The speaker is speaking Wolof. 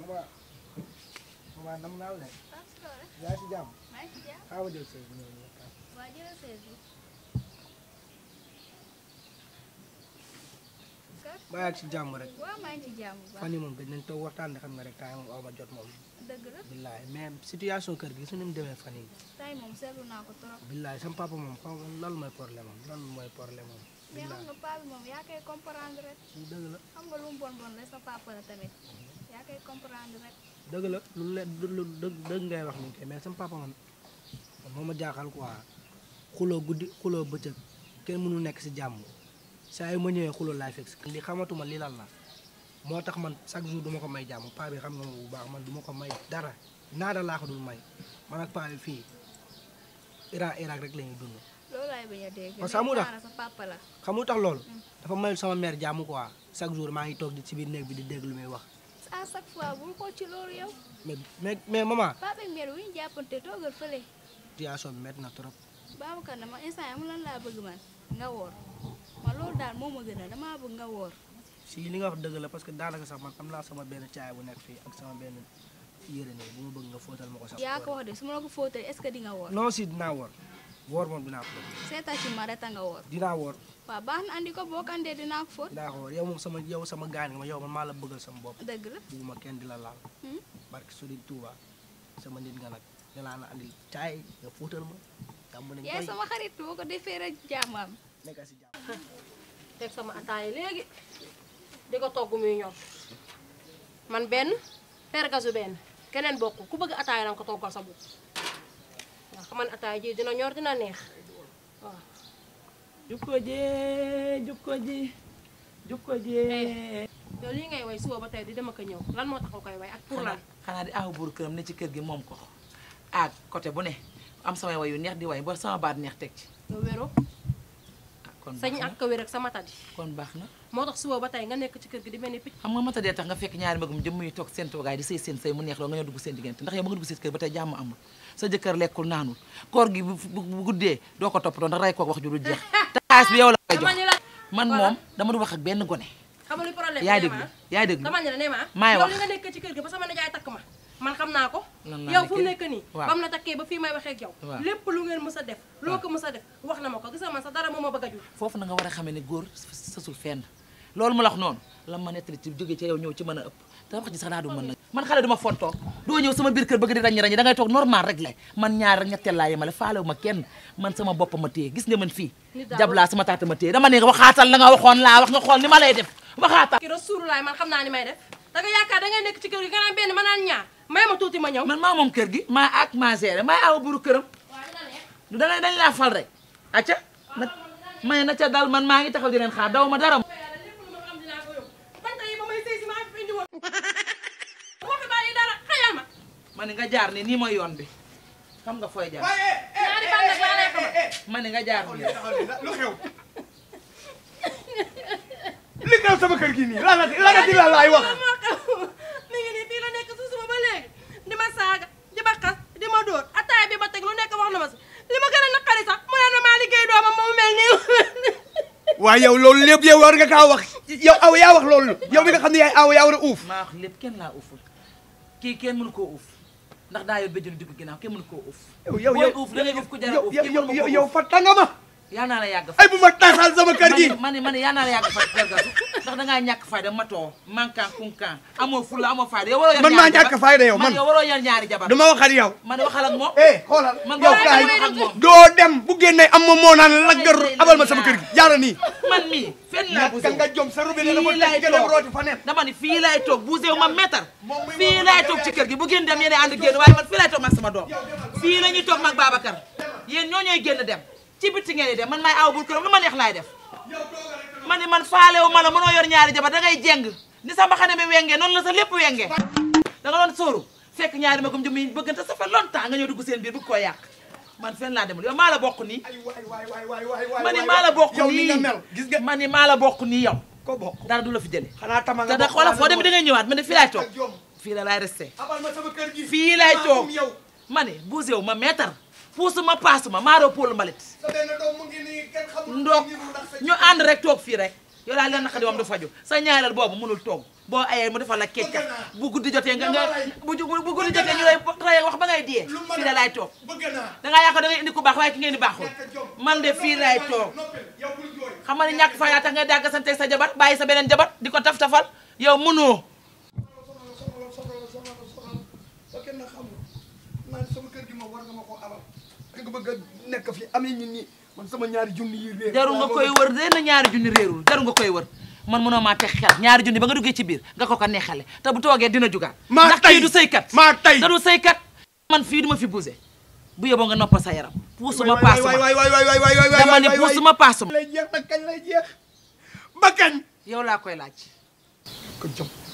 Maba Maba nam naa leen. yaa ngi ci jàmm. maa ngi ci jàmm. xaaral ma jël sëy bi ñëw ñëw. waaw jëlal sëy bi. maa ngi ci jàmm rek. waaw maa ngi ci jàmm bu baax. fan yii moom gëj nañ toog waxtaan xam nga rek temps moom aw ma jot moom. dëgg la billaay mais situation kër gi gis nañu demee fan yii. tey moom seetlu naa ko trop. billaay sama papa moom xaw ma lan mooy problème am lan mooy problème am. mais xam nga paa bi moom yaa koy comprendre rek. dëgg la xam nga lu mu bon bon rek sa papa la tamit. yaa koy comprendre rek. dëgg la lu mu lu dëgg ngay wax ni kay mais sama papa man moo ma jaaxal quoi xuloo guddi xuloo bëccëg kenn mënu nekk si jàmm saa yu ma ñëwee xuloo laay fekk si. li xamatuma li lan la moo tax man chaque jour du ma ko may jàmm paa bi xam nga ma bu baax man du ma ko may dara naada laa ko dul may man ak paa bi fii Irak Irak rek la ñuy dund. loolu laay bañ a dégg. parce que xamu tax xamu tax loolu. Hmm. dafa mayul sama mère jàmm quoi chaque jour maa ngi toog di ci biir néeg bi di dégg lu muy wax. à chaque fois bul ko ci loolu yow. mais mais mais maman. papa ak mère wu ñu toogal fële. situation bi métti na trop. Babacar na ma instant yii amul lan laa bëgg man nga woor ma loolu daal moo ma gën a damaa woor. si li nga wax parce que daanaka sax man am naa sama benn caay bu nekk fii ak sama benn yére ne bu ma bëgg nga fóotal ma ko sax. yaa ko wax de su ma la ko fóotalee ce que di nga woor. non si dinaa woor. war moom dinaa ko def seeta ci ma reta nga woor dina woor waaw baax andi ko bokan de dina ko fot d'accord yow moom sama yow sama gaane ma yow man maa la sama bop deug la bugguma kenn di la hmm barki suri touba sama nit nga nak dinaa na andi tay nga fotal ma tam na ngay sama xarit mo ko defere jamam nek ci jam tek sama atay legi diko togu togg muy ñor man benn pergasu ben kenen bokku ku bëgg atay la ko togal sa bop man ataay ji dina ñor dina neex waaw. jukko jee jukko ji jukko jee. Eh, yow lii ngay way suba ba tey di dama ko ñëw lan moo tax nga koy way ak pour lan. xanaa di aw buur këram ne ci kër gi moom ko ak côté bu ne am samay wayu neex di way ba sama baat neex teg ci. yow wéro kon sañ ak ko wér baax na moo tax suba ba tey nga nekk ci kër gi di mel ni picc xam nga matadee tax nga fekk ñaari magum jëmm yu toog seen toogaay di sëy seen sëy mu neex loolu nga ñëw dugg seen diggante ndax yow ba nga dugg seen kër ba tey jàmm amul sa jëkkër lekkul naanul koor gi bu guddee doo ko toppatoo ndax rey koog wax ju dul jeex taas bi yow la man moom dama du wax ak benn gone xamul problème yaay déglu yaay déglu dama ne la ne ma maay wax yow li nga nekk ci kër gi ba sama nijaay takk man xam naa ko yow fu mu nekk nii bam la takkee ba fii may waxee ak yow lépp lu ngeen mës a def loo ko a def wax na ma ko gis nga sa dara moo ma a foofu na nga war a xamee ne góor sasul fenn loolu mu la wax noonu ma nettali ci jógee ci yow ci mën a ëpp te wax ji sax daa du mën nag man xale duma fontoo doo ñëw sama biir kër bëgg da ngay toog normal rek la man ñaar rek kenn man sama bopp ma gis nga man fii jablaa sama taata ma téye dama ne waxaatal la nga waxoon laa wax nga xool ni ma lay def waxaatal ki rasulullah man xam naa ni may def da nga yaakaar da nekk ci kër gi nga naan benn ma naan ñaar may ma tuuti ma ñëw man ma mom kër gi ma ak ma géré maa aw buru kërëm du da ngay dañ la fal rek acca may na ca dal man ma ngi taxaw di len xaar daw ma dara ma nga jaar ni nii yoon bi xam nga foy jaar xam eh, eh, eh, ni nga jaar ni lu xew li kaw sama kër gi ni la la di la laay wax waaye yow loolu lépp yow war nga kaa wax yow aw yaa wax loolu yow mi nga xam ne yaay aw yaa war a uuf maa kenn laa uuful kii kenn mënu koo uuf ndax daa yor béjjënu digg ginnaaw kenn mënu koo uuf yow yow uuf da ngay uuf ku jar a uuf fa tanga ma yaa naa la yàgg fa ay bu ma taasal sama kër gi ma ne ma ne tax da ngaa ñàkk fayda matoo mankan kunkan amoo fulla amoo fayda yow waroo yor man maa ñàkk fayda yow man yow ma wax waxal ak eh, man yow kaay doo dem bu génnee am moo naan laggar abal ma sama kër gi jaara nii man mii fenn laa buuse la ko fii laay toog toog ci kër gi bu génn dem yéen ànd génn waaye man fii laay toog man sama doom fii la ñuy toog mag Babacar yéen ñoo ñooy génn dem ci bitti ngeen dem man maay aw bul kër lu ma laay def ma ni man faalewu ma la mënoo yor ñaari jabar da ngay jeng ni sa mbaxane mi wengee noonu la sa lépp wengee da nga doon sóoru fekk ñaari magum jëm yi bëggante ça fait longtemps nga ñëw dugg seen biir bëgg koo yàq man fenn laa demul yow maa la bokk nii ma ni maa la bokk nii ma ni maa la bokk nii yow ko bokk dara du la fi jëlee xanaa tama nga bokk xoolal foo dem da ngay ñëwaat ma ne fii laay toog fii la laay resté fii laay toog ma ne bougé wu ma meetar puusu ma paasu ma maaroo poolu mbalit. ndox ñoo ànd rek toog fii rek yow daal leen naqari moom du faju sa ñaareel boobu mënul toog boo ayee mu defal la kecca bu guddi jotee nga nga bu bu guddi jotee ñu lay wax ba ngay diyee fii da laay toog dangaa yaakaar da ngay indi ku baax waaye ki ngeen di baaxul man de fii laay toog xam ma ni ñàkk fay yaa tax ngay dàgg sante sa jabar bàyyi sa beneen jabar di ko taf tafal yow mënoo war nga ma da nga bëgg nekk fi amee ñun ñi man sama ñaari junni yi réer jarul nga koy wër dee na ñaari junni réerul jarul nga koy wër man mënoo maa teg xel ñaari junni ba nga duggee ci biir nga ko ko neexale te bu toogee dina jugaat ndax kii du saykat maa tey da du saykat man fii du ma fi bougé bu yeboo nga noppal sa yaram puusuma paasuma dama ne puusuma paasuma lay jeex nag kañ lay jeex ba kañ yow laa koy laaj ko jom